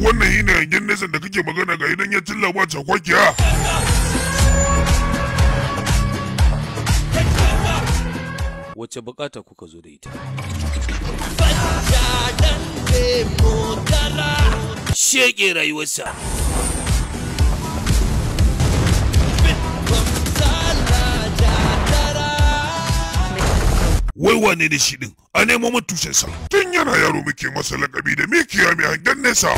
wannan na hangen nesan da kake magana ga idan ya cilla ba cakwakiya wace bukata kuka zo da ita shege rayuwarsa wane ne shi din a nemo mutusinsa tun yana yaro muke masa lakabi da mikiya mai hangen nesa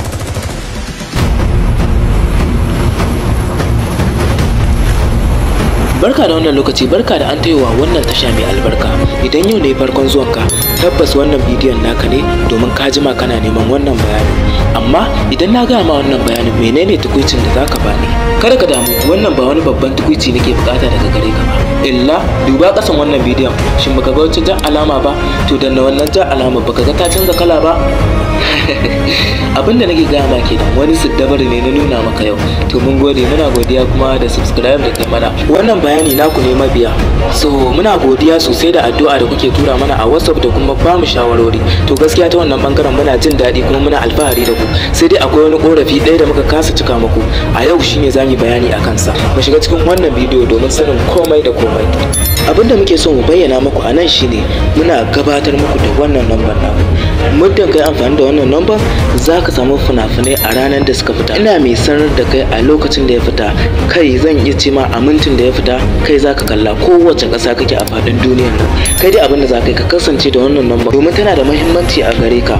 barka da wannan lokaci barka da an taiwa wannan tasha mai albarka idan yau ne farkon zuwanka tabbas wannan bidiyon naka ne domin ka jima kana neman wannan bayanin amma idan na gaya ma wannan bayanin menene tukuicin da zaka bani kada ka damu wannan ba wani babban tukuici nake bukata daga gare ka ba illa duba kasan wannan bidiyon shin baka ga wata jan alama ba to danna wannan jan alama baka ga ta canza kala ba abinda nake gaya maki kenan wani siddabar ne na nuna maka yau to mun gode muna godiya kuma da subscribe da kai mana wannan bayani naku ne mabiya so muna godiya sosai da addu'a da kuke tura mana a whatsapp da kuma bamu mu shawarwari to gaskiya ta wannan bangaren muna jin daɗi kuma muna alfahari da ku sai dai akwai wani korafi ɗaya da muka kasa cika muku a yau shine zamu mu bayani a kansa mu shiga cikin wannan bidiyo domin sanin komai da komai abin da muke son mu bayyana muku a nan shine muna gabatar muku da wannan lambar na. muddin kai amfani da wannan lambar za ka samu fina-finai a ranar da suka fita ina mai sanar da kai a lokacin da ya fita kai zan iya ce ma a mintin da ya fita kai za ka kalla kowace kasa kake a faɗin duniyar nan kai dai abin da za ka yi ka kasance da wannan lambar domin tana da muhimmanci a gare ka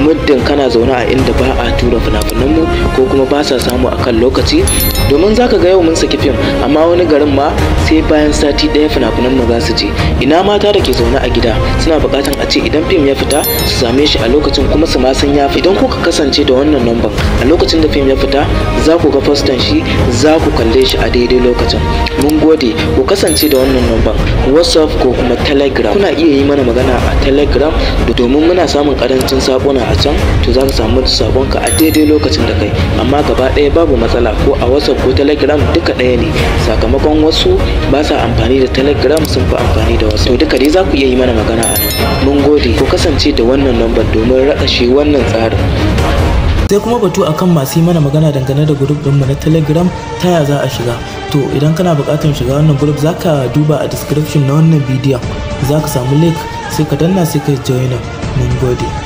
muddin kana zaune a inda ba a tura fina-finan mu ko kuma ba sa samu a kan lokaci domin za ka ga yau mun saki fim amma wani garin ma sai bayan sati ɗaya fina kunan mu za su je ina mata da ke zaune a gida suna buƙatan a ce idan fim ya fita su same shi a lokacin kuma su ma san ya idan kuka kasance da wannan lambar a lokacin da fim ya fita za ku ga fastan shi za ku kalle shi a daidai lokacin mun gode ku kasance da wannan lambar whatsapp ko kuma telegram kuna iya yi mana magana a telegram domin muna samun karancin sakona a can to za ka samu sakonka a daidai lokacin da kai amma gaba ɗaya babu matsala ko a whatsapp ko telegram duka ɗaya ne sakamakon wasu ba sa amfani da telegram telegram sun fi amfani da wasu duka dai za ku iya yi mana magana a nan mun gode ku kasance da wannan lambar domin shi wannan tsarin sai kuma batu akan masu yi mana magana dangane da grup ɗinmu na telegram ta ya za a shiga to idan kana buƙatar shiga wannan grup za ka duba a description na wannan bidiyon za ka samu link sai ka danna sai ka joinin mun gode